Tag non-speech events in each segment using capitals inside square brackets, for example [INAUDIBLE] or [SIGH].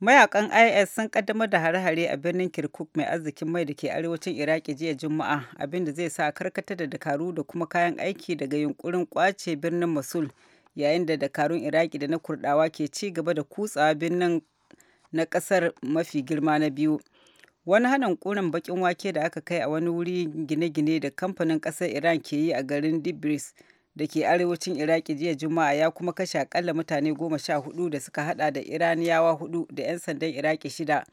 mayakan is sun kaddamar da hare-hare a birnin kirkuk mai arzikin mai da ke arewacin iraki jiya juma'a abinda zai sa karkatar da dakaru da kuma kayan aiki daga yunkurin kwace birnin mosul yayin da dakarun iraki da na kurdawa ke ci gaba da kutsawa birnin na kasar mafi girma na biyu wani hanin kunan bakin wake da aka kai a wani wuri gine-gine da kamfanin kasar iran ke yi a garin dibris da ke arewacin iraki jiya juma'a ya kuma kashe akalla mutane goma sha hudu da suka hada da iraniyawa hudu da 'yan sandan iraki shida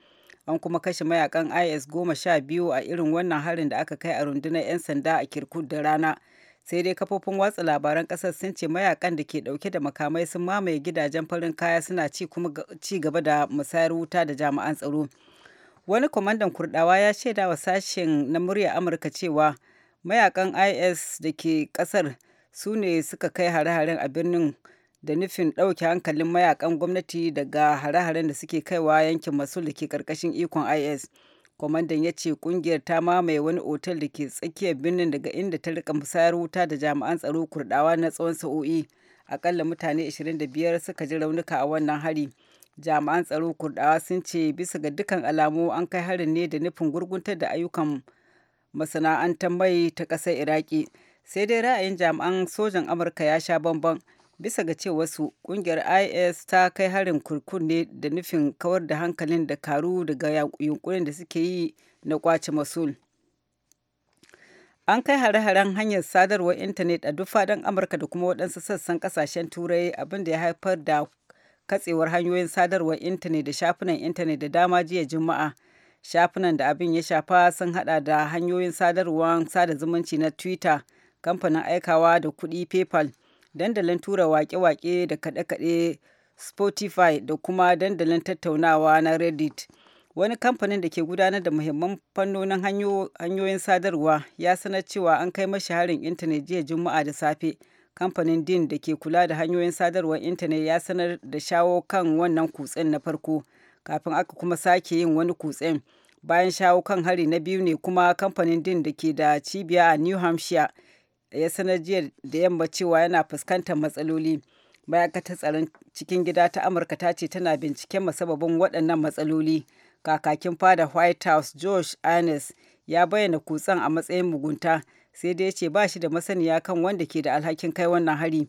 an kuma kashe mayakan is goma sha biyu a irin wannan harin da aka kai a rundunar 'yan sanda a kirkuk da rana sai dai kafofin watsa labaran kasar sun ce mayakan da ke dauke da makamai sun mamaye gidajen farin kaya suna ci kuma ci gaba da musayar wuta da jami'an tsaro wani kwamandan kurdawa ya shaida wa sashen na murya amurka cewa mayakan is da ke kasar su ne suka kai hare-haren a birnin da nufin ɗauke hankalin mayakan gwamnati daga hare-haren da suke kaiwa yankin masul da ke ƙarƙashin ikon is kwamandan ya ce ƙungiyar ta mamaye wani otal da ke tsakiyar birnin daga inda ta rika musayar wuta da jami'an tsaro kurdawa na tsawon sa'o'i akalla mutane 25 suka ji raunuka a wannan hari jami'an tsaro kurdawa sun ce bisa ga dukkan alamu an kai harin ne da nufin gurguntar da ayyukan masana'antar mai ta ƙasar iraki sai dai ra'ayin jami'an sojan amurka ya sha bambam bisa ga cewa wasu kungiyar is ta kai harin kurkun ne da nufin kawar da hankalin da karu daga yunkurin da suke yi na kwace masul an kai hare-haren hanyar sadarwar intanet a duk fadan amurka da kuma waɗansu sassan kasashen turai abinda ya haifar da katsewar hanyoyin sadarwar intanet da shafunan intanet da dama jiya juma'a shafunan da abin ya shafa sun hada da hanyoyin sadarwar sada zumunci na twitter kamfanin aikawa da kuɗi paypal dandalin tura wake-wake da kaɗe-kaɗe spotify da kuma dandalin tattaunawa na reddit wani kamfanin da ke gudanar da muhimman fannonin hanyoyin sadarwa ya sanar cewa an kai mashi harin intanet jiya juma'a da safe kamfanin din da ke kula da hanyoyin sadarwar intanet ya sanar da shawo kan wannan kutsen na farko kafin aka kuma sake yin wani kutsen bayan shawo kan hari na biyu ne kuma kamfanin din da ke da cibiya a new hampshire ya sanar jiya da yamma cewa yana fuskantar matsaloli ma'aikatar tsaron cikin gida ta amurka ta ce tana binciken masababin waɗannan matsaloli kakakin fada white house josh arnes ya bayyana kutsan a matsayin mugunta sai dai ce ba shi da masaniya kan wanda ke da alhakin kai wannan hari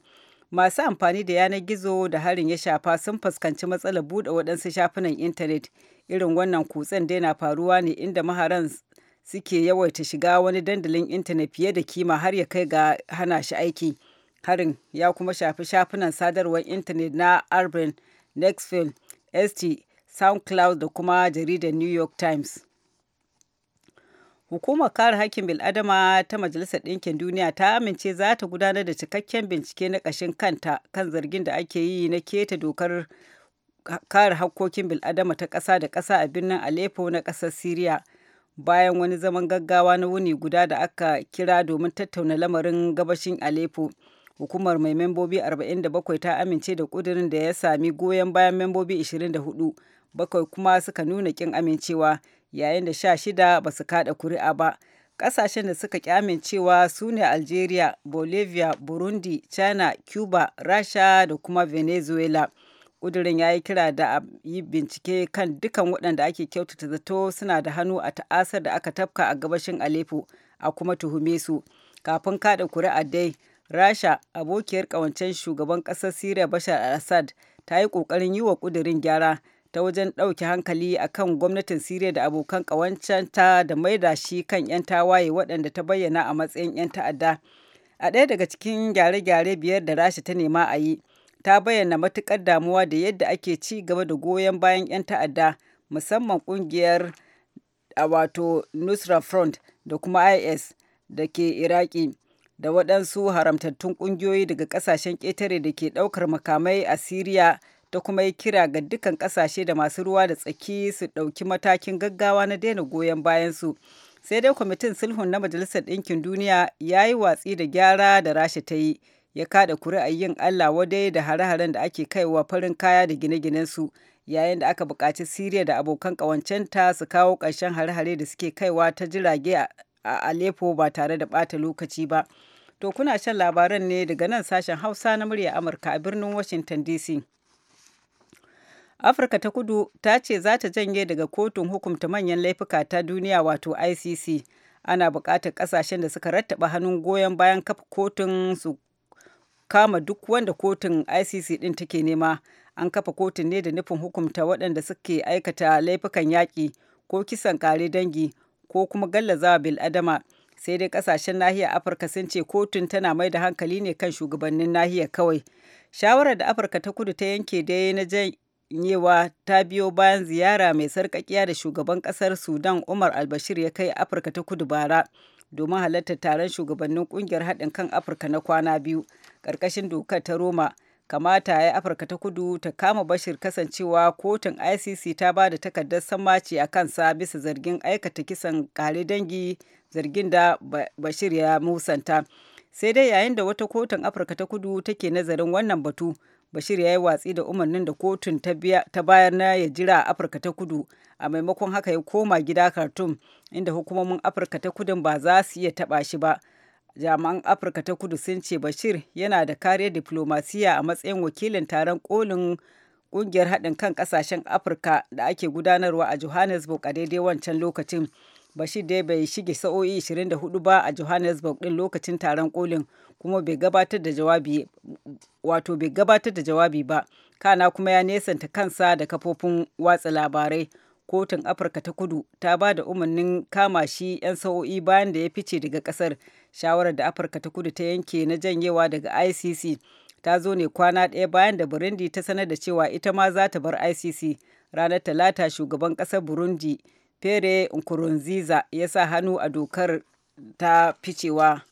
masu amfani da yanar gizo da harin ya shafa sun fuskanci matsalar buɗe waɗansu shafunan intanet irin wannan kutsan dai na faruwa ne inda maharan suke yawaita shiga wani dandalin intanet fiye da kima har ya kai ga hana shi aiki harin ya kuma shafi shafunan sadarwar intanet na arben nextfilm st soundcloud da kuma jaridar new york times hukumar kare hakkin bil'adama ta majalisar ɗinkin duniya ta amince za ta gudanar da cikakken bincike na ƙashin kanta kan zargin da ake yi na keta dokar kare hakkokin bil'adama ta ƙasa da ƙasa a birnin aleppo na ƙasar syria bayan wani zaman gaggawa na wuni guda da aka kira domin tattauna lamarin gabashin Aleppo. Hukumar mai membobi 47 ta amince da ƙudurin da ya sami goyon bayan membobi 24, bakwai kuma suka nuna kin amincewa yayin da 16 ba su kada kuri'a ba. Ƙasashen da suka ƙi amincewa su ne Algeria, Bolivia, Burundi, China, Cuba, Rasha da kuma Venezuela. ƙudurin ya yi kira da a yi bincike kan dukan waɗanda ake kyautata zato suna da hannu a ta'asar da aka tafka a gabashin Aleppo a kuma tuhume su. Kafin kaɗa kuri'a dai, Rasha, abokiyar ƙawancen shugaban ƙasar Siriya Bashar al-Assad, ta yi ƙoƙarin yi wa ƙudurin gyara ta wajen ɗauke hankali a kan gwamnatin Siriya da abokan ta da maida shi kan 'yan tawaye waɗanda ta bayyana a matsayin 'yan ta'adda. A ɗaya daga cikin gyare-gyare biyar da Rasha ta nema a yi, ta bayyana matukar damuwa da yadda ake ci gaba da goyon bayan 'yan ta'adda musamman ƙungiyar a wato nusra front da kuma is da ke iraki da waɗansu haramtattun ƙungiyoyi daga ƙasashen ƙetare da ke ɗaukar makamai a siriya ta kuma yi kira ga dukkan ƙasashe da masu ruwa da tsaki su ɗauki matakin gaggawa na daina goyon bayansu sai dai kwamitin sulhun na majalisar ɗinkin duniya ya yi watsi da gyara da rasha ta yi ya kada kuri'a yin Allah wadai da hare-haren da ake kaiwa farin kaya da gine su yayin da aka buƙaci Siriya da abokan ƙawancenta su kawo ƙarshen hare-hare da suke kaiwa ta jirage a Aleppo ba tare da ɓata lokaci ba. To kuna shan labaran ne daga nan sashen Hausa na murya Amurka a birnin Washington DC. Afirka ta kudu ta ce za ta janye daga kotun hukunta manyan laifuka ta duniya wato ICC. Ana buƙatar ƙasashen da suka rattaba hannun goyon bayan kafa kotun su kama duk wanda kotun ICC din take nema. An kafa kotun ne da nufin hukumta waɗanda suke aikata laifukan yaƙi ko kisan kare dangi ko kuma za adama Sai dai ƙasashen nahiyar Afirka sun ce kotun tana mai da hankali ne kan shugabannin nahiyar kawai. Shawarar da Afirka ta kudu ta yanke dai na janyewa ta biyo bayan ziyara mai sarƙaƙiya da shugaban ƙasar Sudan Umar Albashir ya kai Afirka ta kudu bara. domin halartar taron shugabannin kungiyar haɗin kan afirka na kwana biyu karkashin dokar ta roma kamata ya afirka ta kudu ta kama bashir kasancewa kotun icc ta ba da takardar sammaci a kansa bisa zargin aikata kisan kare dangi zargin da bashir ya musanta sai dai yayin da wata kotun afirka ta kudu take nazarin wannan batu bashir ya yi watsi da umarnin da kotun ta bayar na ya jira a afirka ta kudu a maimakon haka ya koma gida khartoum inda hukumomin afirka ta kudu ba za su iya taɓa shi ba jami'an afirka ta kudu sun ce bashir yana da kariyar diplomasiya a matsayin wakilin taron kolin kungiyar haɗin kan ƙasashen afirka da ake gudanarwa a johannesburg a daidai wancan lokacin bashir dai bai shige sa'o'i 24 ba a johannesburg ɗin lokacin taron kolin kuma bai gabatar da jawabi wato bai gabatar da jawabi ba kana kuma ya nesanta kansa da kafofin watsa labarai kotun afirka ta kudu ta ba da umarnin kama shi 'yan sa'o'i bayan da ya fice daga kasar shawarar da afirka ta kudu ta yanke na janyewa daga icc ta zo ne kwana ɗaya bayan da burundi ta sanar da cewa ita ma za ta bar icc ranar talata shugaban ƙasar burundi pere nkurunziza ya sa hannu a dokar ta ficewa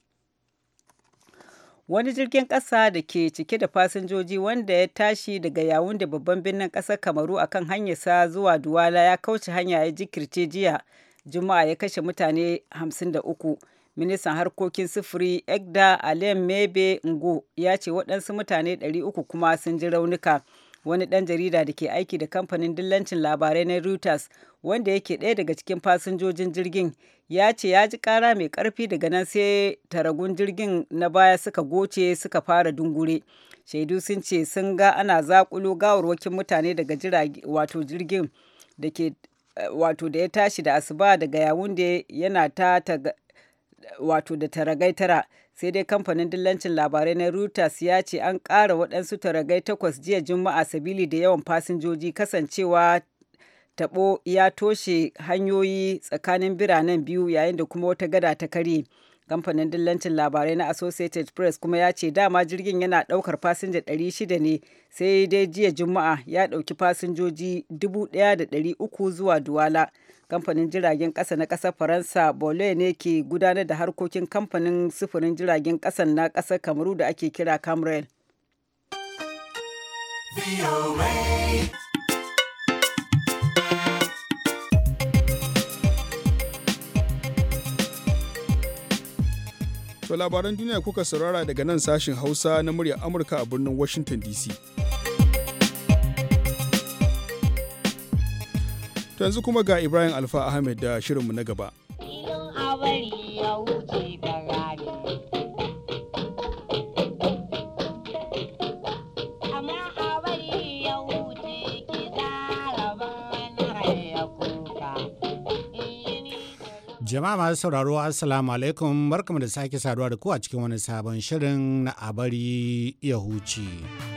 wani jirgin ƙasa da ke cike da fasinjoji wanda ya tashi daga yawun da babban birnin ƙasar kamaru a akan hanyarsa zuwa duwala ya kauce hanya ya jikirce jiya juma'a ya kashe mutane 53 ministan harkokin sufuri egda alem mebe ngo ya ce waɗansu mutane 300 kuma sun ji raunuka wani ɗan jarida da ke aiki da kamfanin dillancin labarai na Reuters wanda yake ɗaya daga cikin fasinjojin jirgin ya ce ya ji ƙara mai ƙarfi daga nan sai taragun jirgin na baya suka goce suka fara dungure. Shaidu sun ce sun ga ana zaƙulo gawarwakin mutane daga jirage wato jirgin da ke wato da ya tashi da asuba daga da yana ta wato da taragai tara sai dai kamfanin dillancin labarai na reuters ya ce an ƙara waɗansu taragai takwas jiya juma'a sabili da yawan fasinjoji kasancewa taɓo ya toshe hanyoyi tsakanin biranen biyu yayin da kuma wata gada ta karye kamfanin dillancin labarai na associated press kuma ya ce dama jirgin yana ɗaukar fasinja 600 ne sai dai jiya juma'a ya ɗauki fasinjoji 1,300 zuwa duwala kamfanin jiragen ƙasa na ƙasar faransa bole ne ke gudanar da harkokin kamfanin sufurin jiragen ƙasa na ƙasar kamaru da ake kira camrel To labaran duniya kuka saurara daga nan sashin Hausa na muryar Amurka a birnin Washington DC. To yanzu kuma ga Ibrahim Alfa Ahmed da shirinmu na gaba. Jama'a masu sauraro Assalamu alaikum barkamu da sake saduwa da ku a cikin wani sabon shirin na abari ya huce.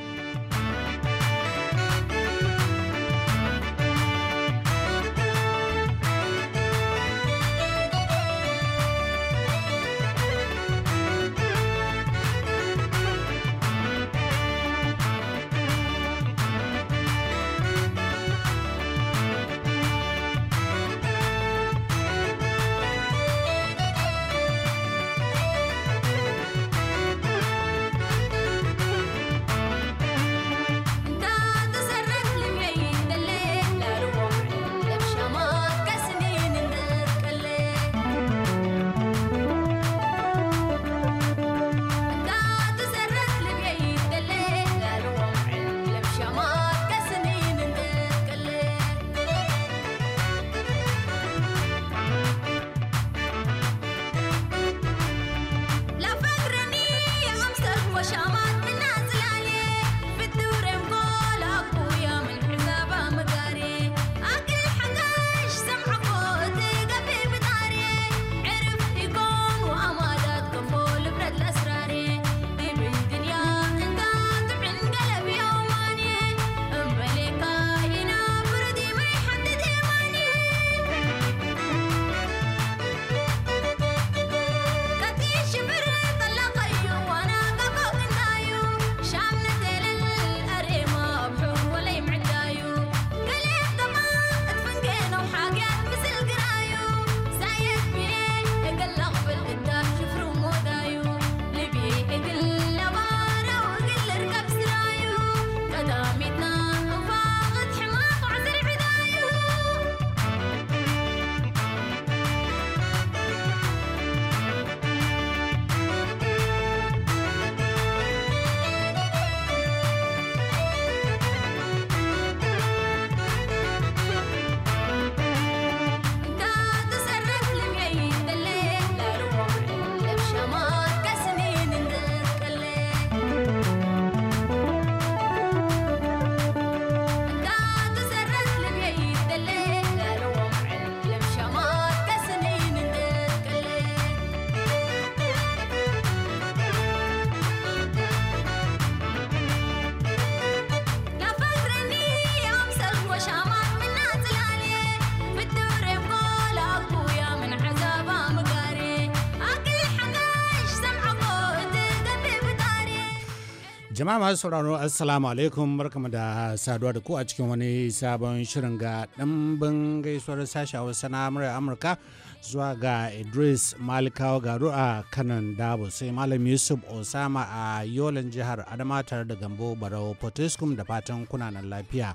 Jama'a masu sauraro Assalamu alaikum barkamu da saduwa da ku a cikin wani sabon shirin ga ɗimbin gaisuwar sashi Hausa na Amurka zuwa ga Idris Malikawa Garu a kanan Dabo sai Malam Yusuf Osama a Yolan jihar Adama tare da Gambo Barau Potiskum da fatan kunanan lafiya.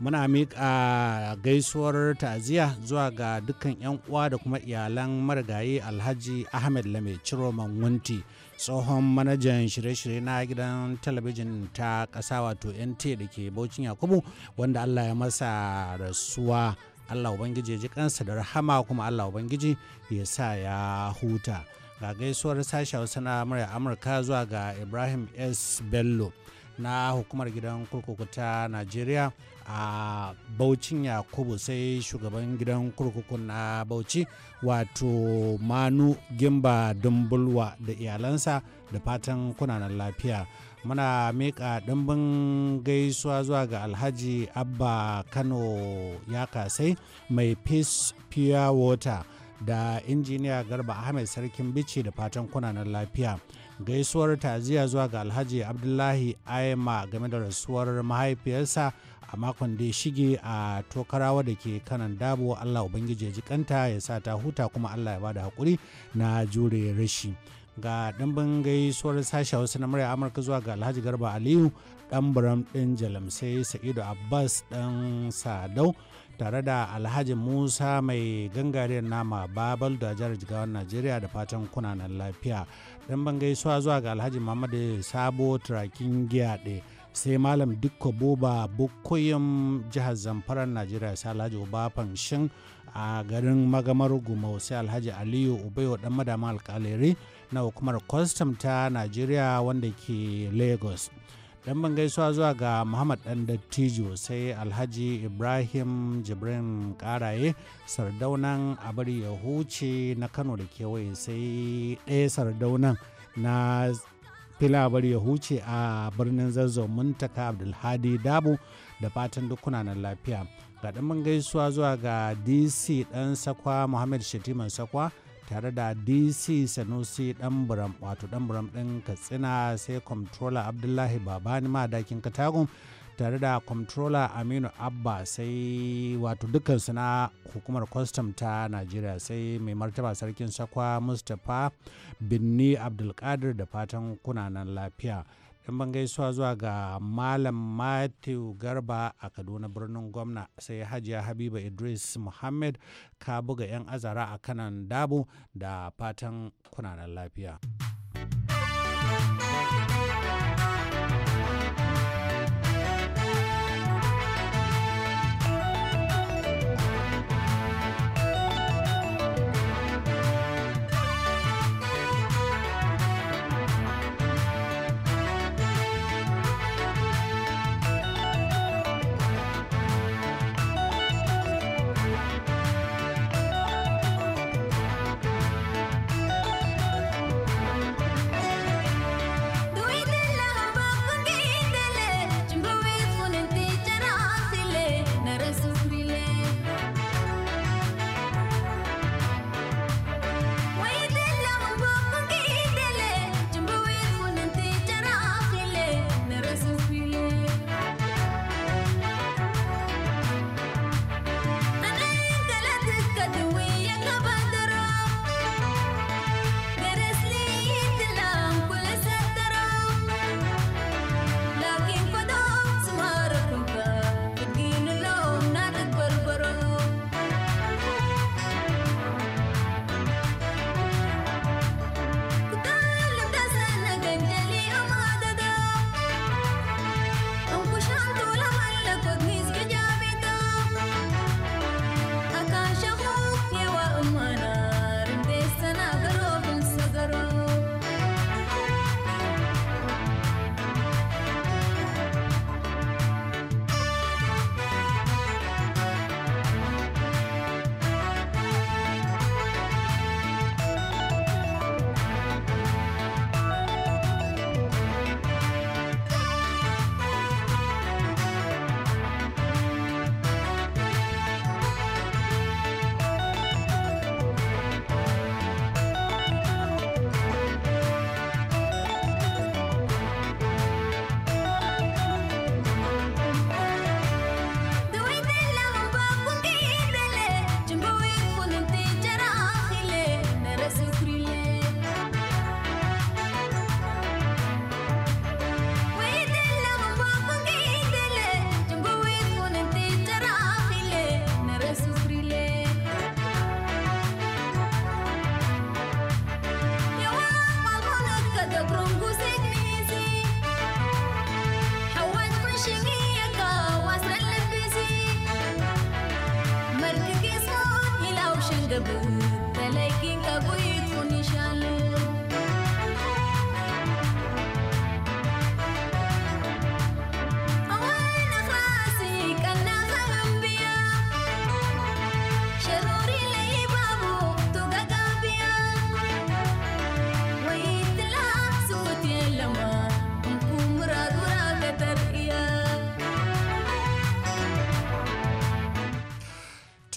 muna miƙa gaisuwar ta'aziyya zuwa ga dukkan 'yan uwa da kuma iyalan marigayi alhaji ahmed lame ciro manwunti tsohon manajan shirye-shirye na gidan talabijin ta ƙasa wato nt da ke baucin yakubu wanda allah ya masa rasuwa allah ubangiji ya ji kansa da rahama kuma allah ubangiji ya sa ya huta ga gaisuwar sashi hausa na murya amurka zuwa ga ibrahim s bello na hukumar gidan kurkuku ta najeriya a Baucin Yakubu sai shugaban gidan kurkukun na Bauchi wato Manu Gimba Dumbulwa da iyalansa da fatan kunanan lafiya. Muna miƙa ɗimbin gaisuwa zuwa ga Alhaji Abba Kano ya kasai mai Peace Pure Water. da injiniya garba ahmed sarkin bici da fatan kunanan lafiya gaisuwar taziya zuwa ga alhaji abdullahi aima game da rasuwar mahaifiyarsa a makon da ya shige a tokarawa da ke kanan dabo allah ubangiji ya ji kanta ya sa ta huta kuma allah ya bada hakuri na jure rashi ga ɗimbin gaisuwar sashe wasu na murya amurka zuwa ga alhaji garba aliyu ɗan buram ɗin jalamsai sa'idu abbas ɗan sadau tare da alhaji musa mai gangariyar nama babal da jihar jigawar najeriya da fatan kunanan lafiya ɗan ban gaisuwa zuwa ga alhaji muhammadu sabo turakin ɗaya. sai malam dukko boba bukoyin jihar zamfarar najeriya sai alhaji uba fanshin a garin magamar goma sai alhaji aliyu ubayo dan madama alkalere na hukumar kwastam ta najeriya wanda ke lagos dan ban gaisuwa zuwa ga muhammad dan dattijo sai alhaji ibrahim jibrin karaye sardaunan abar ya huce na kano da kewaye sai ɗaya sardaunan na labar ya huce a birnin zazzau muntaka abdulhadi dabu da fatan duk kunanan lafiya ga mun gaisuwa zuwa ga dc ɗan sakwa muhammad shetiman sakwa tare da dc sanusi dan buram wato dan buram din katsina sai comptroller abdullahi babani madakin katagun tare da comptroller aminu abba sai wato dukansu na hukumar kwastam ta najeriya sai mai martaba sarkin sakwa mustapha binni abdulkadir da fatan kunanan lafiya in ban gaisuwa zuwa ga malam matthew garba a kaduna birnin gwamna sai hajiya habiba idris muhammad ka buga 'yan azara a kanan dabu da fatan kunanan lafiya.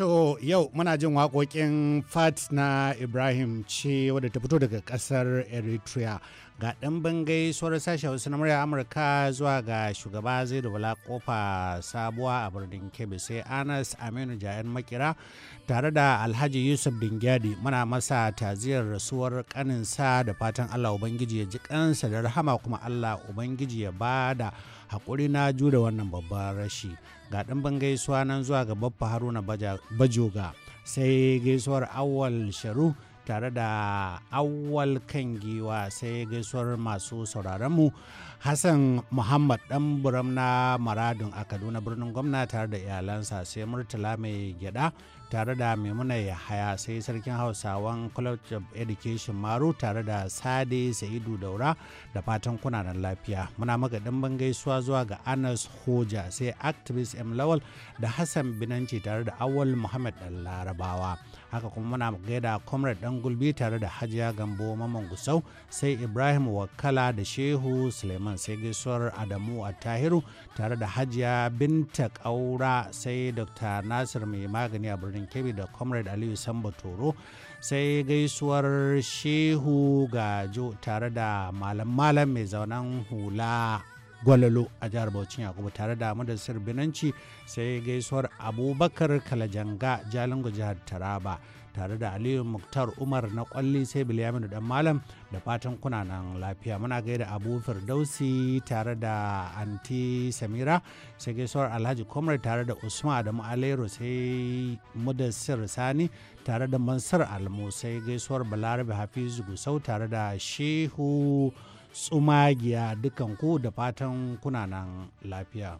to yau muna jin waƙoƙin fat na ibrahim ce wadda ta fito daga ƙasar eritrea ga ɗan bangai sauran sashen wasu na murya amurka zuwa ga shugaba zai dubula kofa sabuwa a birnin kebbi sai anas aminu jayan makira tare da alhaji yusuf dingyadi muna masa taziyar rasuwar kaninsa da fatan allah ubangiji ya ji kansa da rahama kuma allah ubangiji ya bada haƙuri na jure wannan babban rashi ga ban gaisuwa nan zuwa ga babba haruna bajoga sai gaisuwar awal sharu tare da awal kan giwa sai gaisuwar masu mu hassan muhammad dan buram na maradun a kaduna birnin gwamna tare da iyalansa sai murtala mai gyada tare da maimuna yahaya sai sarkin hausawan college of education maru tare da sade sa'idu daura da fatan kunanan lafiya muna magadin ban gaisuwa zuwa ga anas hoja sai activist m lawal da hassan binanci tare da awal muhammad dan larabawa haka kuma muna gaida comrade dan gulbi tare da hajiya gambo maman gusau sai ibrahim wakala da shehu suleiman sai gaisuwar adamu a tahiru tare da hajiya binta kaura sai dr nasir mai magani a birnin kebbi da comrade aliyu samba toro sai gaisuwar shehu gajo tare da malam malam mai zaunan hula gwalalo a jihar Bauchin Yakubu tare da madasar Binanci sai gaisuwar Abubakar Kalajanga Jalingo jihar Taraba tare da Aliyu Muktar Umar na kwalli sai Bilyaminu dan Malam da fatan kuna nan lafiya muna gaida Abu Firdausi tare da Anti Samira sai gaisuwar Alhaji Komar tare da Usman Adamu Alero sai Mudassir Sani tare da Mansur Almu sai gaisuwar Balarabe Hafizu Gusau tare da Shehu tsumagiya dukanku da fatan kuna nan lafiya.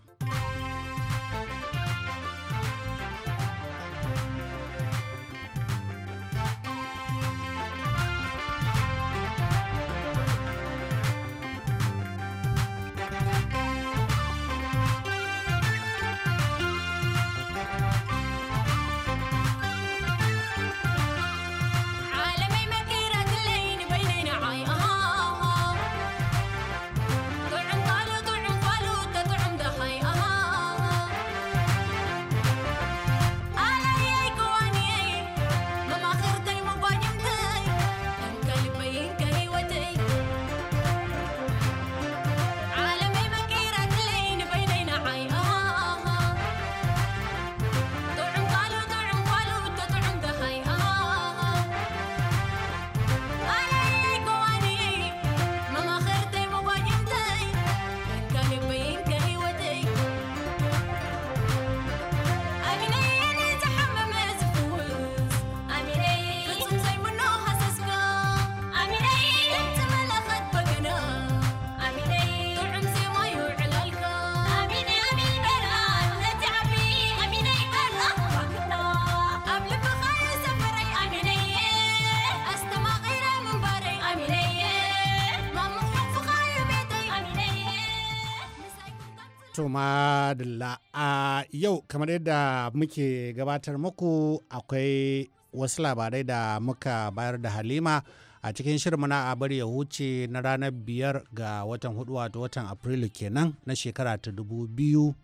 To madalla a yau kamar yadda muke gabatar muku akwai wasu labarai da muka bayar da halima a cikin shirin na a bari ya huce na ranar biyar ga watan hudu wato watan afrilu kenan na shekara ta dubu biyu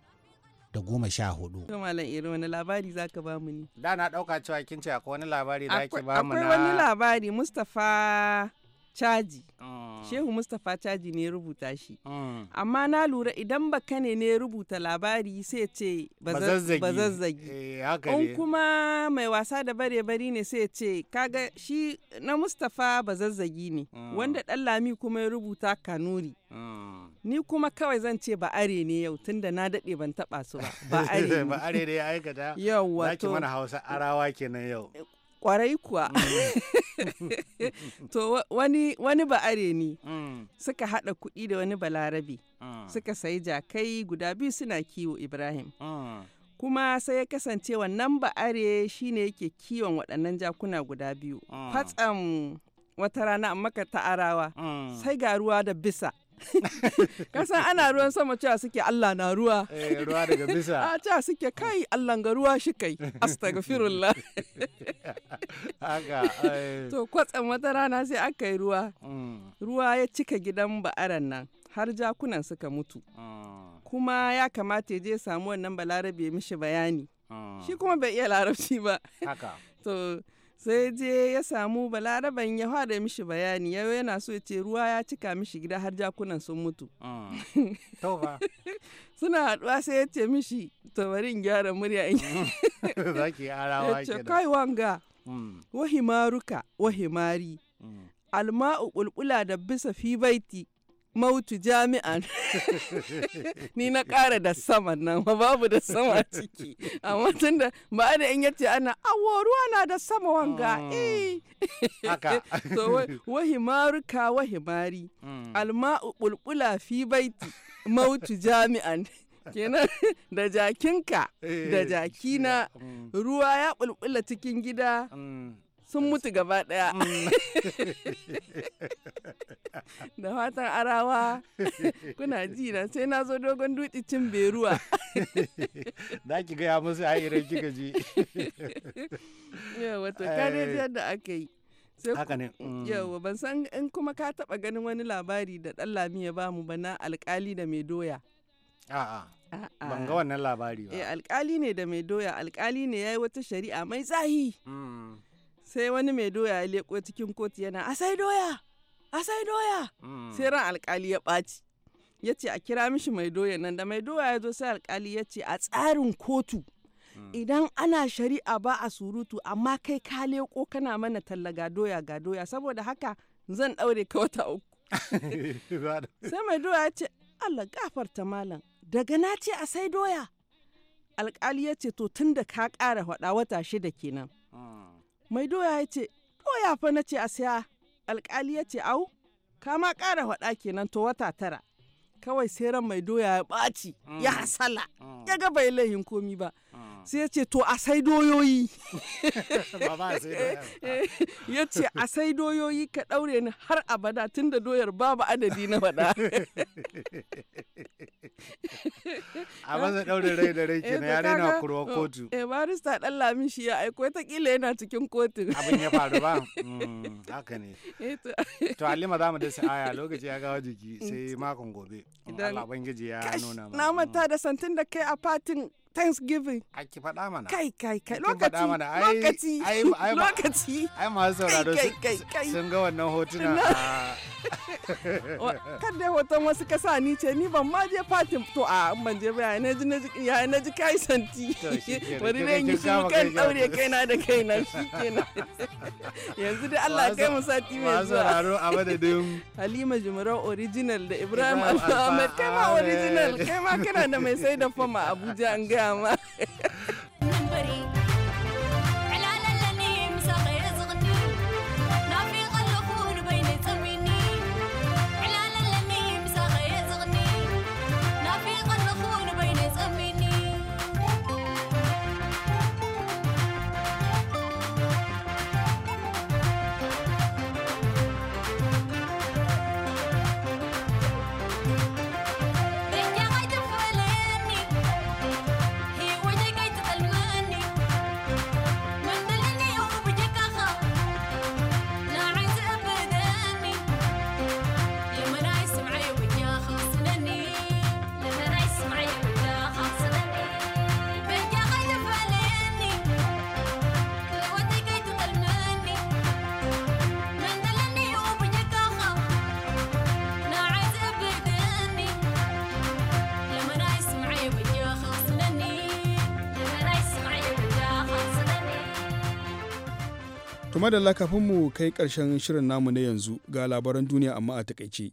da goma sha hudu. To Malam iri wani labari za ka ba mu ne? Da na dauka cewa kin ce akwai wani labari za ki ba mu na. Akwai wani labari Mustapha Chaji. Mm. Ah. shehu mustapha caji ne rubuta shi ah. amma na lura idan baka ne ne rubuta labari sai ce bazazzagi eh, in kuma mai wasa da bare bari ne sai ce kaga shi na mustapha bazazzagi ne ah. wanda dan lami kuma ya rubuta kanuri ni kuma kawai zan ce ba are ne yau tunda na daɗe ban taɓa su ba [LAUGHS] ba are ne ya aikata yau wato mana hausa arawa kenan yau eh, kwarai kuwa mm. [LAUGHS] to wani ba'are ne mm. suka haɗa kuɗi da wani balarabe mm. suka sayi jakai guda biyu suna kiwo ibrahim kuma sai ya kasance wannan ba'are shine yake kiwon waɗannan jakuna guda biyu fatsam wata rana a maka ta'arawa sai ga ruwa da bisa kasan ana ruwan sama cewa suke Allah na ruwa eh, ruwa daga bisa [LAUGHS] a cewa suke kai Allah ga ruwa shi kai astagfirullah. [LAUGHS] haka to kwatsam wata rana sai aka yi ruwa mm. ruwa ya cika gidan ba'aran nan har jakunan suka mutu mm. kuma ya kamata ya je samu wannan balarabe mishi bayani mm. shi kuma bai iya larabci ba [LAUGHS] sai je ya samu balaraban ya fara mishi bayani yau yana so ya ce ruwa ya cika mishi gida har jakunan sun mutu ah, [LAUGHS] suna haɗuwa sai ya ce mishi tabarin gyara murya in [LAUGHS] yi ya ce kai wanga hmm. wahimaruka wahimari hmm. alma'u ƙulƙula da bisa fi baiti mautu jami'an [LAUGHS] ni na ƙara da saman nan [LAUGHS] babu da sama ciki amma tun da ba da in yace ana awo ruwa na da sama wanga mm. eh haka [LAUGHS] so wahi mari mm. alma'u bulbula fi baiti mautu jami'an kenan da jakinka da eh, jakina mm. ruwa ya bulbula cikin gida sun mutu gaba daya mm. [LAUGHS] da fatan arawa kuna ji na sai na zo dogon dutse cin beruwa za [LAUGHS] ki gaya musu a irin kika ji [LAUGHS] to kare eh. yadda aka yi haka ne mm. yawa ban san in kuma ka taba ganin wani labari da dan lami ya bamu ba na alkali da mai doya a'a ban ga wannan labari ba eh alkali ne da mai doya alkali ne yayi wata shari'a mai zahi mm. sai wani mai doya ya leko cikin kotu yana a sai doya a sai doya hmm. sai ran alkali ya ɓaci ya ce a kira mishi mai doya nan da mai doya ya zo sai alkali ya ce a tsarin kotu hmm. idan ana shari'a ba a surutu amma kai ka leko kana mana talla ga doya ga doya saboda haka zan ɗaure ka wata uku [LAUGHS] [LAUGHS] sai mai doya ya ce allah gafarta malam daga na ce a sai doya alkali ya ce to tun da ka ƙara faɗa wata shida kenan mai doya ya ce doya fa na ce a siya alkali ya ce au kama ƙara faɗa kenan to wata tara kawai sai ran mai doya ya ɓaci ya mm. hasala mm. ya ga bai laihin komi ba mm. sai ya ce to a sai doyoyi [LAUGHS] [LAUGHS] ya ce a sai doyoyi ka daure ni har abada tun da doyar babu adadi na faɗa [LAUGHS] a maza daure rai da rai kenan ya raina kurwa kotu eh barista dan lamin shi ya aiko ta kila yana cikin kotun abin ya faru ba mm, haka ne eh, to alima za mu da aya lokaci ya gawa jiki mm. sai makon gobe Allah ubangiji ya nuna na mm. manta da santin da kai a fatin Thanksgiving. A ki faɗa mana. Kai kai kai lokaci lokaci lokaci. Ai masu sauraro sun ga wannan hotuna kan dai hoton wasu kasa ni ce ni ban ma je fatin to a ban je ba ya yi na ji kai santi bari ne yi shi kan daure kaina da kaina shikenan [LAUGHS] yanzu dai Allah kai mu sati mai zuwa masu a madadin [LAUGHS] Halima Jumrau original da Ibrahim Ahmed kai ma original kai ma kana da mai sai da fama Abuja an gaya ma [LAUGHS] madalla kafin mu kai karshen shirin namu na yanzu ga labaran duniya amma a takaice.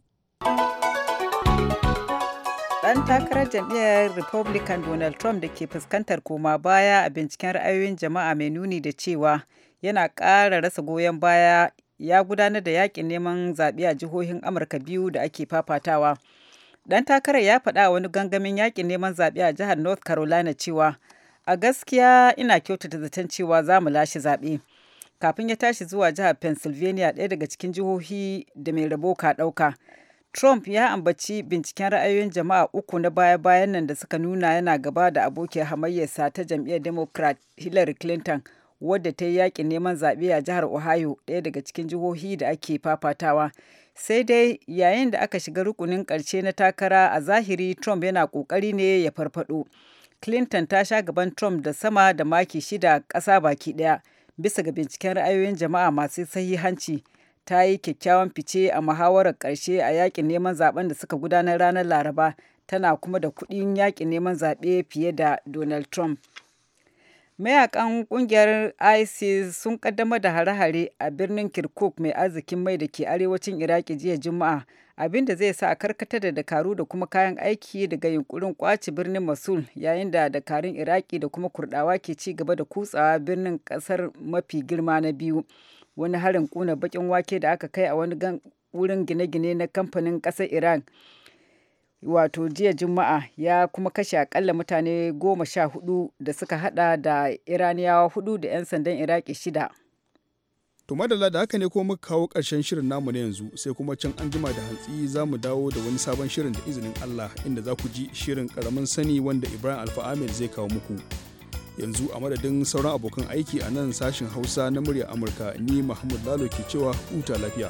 Ɗan takarar jam'iyyar Republican Donald Trump da ke fuskantar koma baya a binciken ra'ayoyin jama'a mai nuni da cewa yana ƙara rasa goyon baya ya gudanar da yakin neman zaɓe a jihohin Amurka biyu da ake fafatawa. Ɗan takarar ya faɗa wani gangamin yakin neman zaɓe a jihar North Carolina cewa a gaskiya ina kyautata zaton cewa za mu lashe zaɓe. kafin ya tashi zuwa jihar Pennsylvania ɗaya daga cikin jihohi da mai rabo ka ɗauka. Trump ya ambaci binciken ra'ayoyin jama'a uku na baya-bayan nan da suka nuna yana gaba da abokiyar hamayyarsa ta jam'iyyar Democrat Hillary Clinton wadda ta yi yakin neman zaɓe a jihar Ohio ɗaya daga cikin jihohi da ake fafatawa. Sai dai yayin da aka shiga rukunin ƙarshe na takara a zahiri Trump yana ƙoƙari ne ya farfaɗo. Clinton ta sha gaban Trump da sama da maki shida ƙasa baki ɗaya. bisa ga binciken ra'ayoyin jama'a masu sahihanci ta yi kyakkyawan fice a muhawarar ƙarshe a yakin neman zaben da suka gudanar ranar laraba tana kuma da kuɗin yakin neman zaɓe fiye da donald trump Mayakan kungiyar ISIS sun ƙaddamar da hare-hare a birnin Kirkuk mai arzikin mai da ke arewacin Iraki jiya Juma'a, abin da zai sa a karkatar da dakaru da kuma kayan aiki daga yunkurin ƙwace birnin Mosul yayin da dakarun Iraki da kuma Kurdawa ke ci gaba da kutsawa birnin ƙasar mafi girma na biyu. Wani harin kuna bakin wake da aka kai a wani wurin gine-gine na kamfanin ƙasar Iran. wato jiya juma'a ya kuma kashe akalla mutane goma sha hudu da suka hada da iraniyawa hudu da 'yan sandan iraki shida to madalla da haka ne ko muka kawo karshen shirin namu na yanzu sai kuma can an jima da hantsi za mu dawo da wani sabon shirin da izinin allah inda za ku ji shirin karamin sani wanda ibrahim alfa zai kawo muku yanzu a madadin sauran abokan aiki a nan sashin hausa na murya amurka ni mahmud lalo ke cewa huta lafiya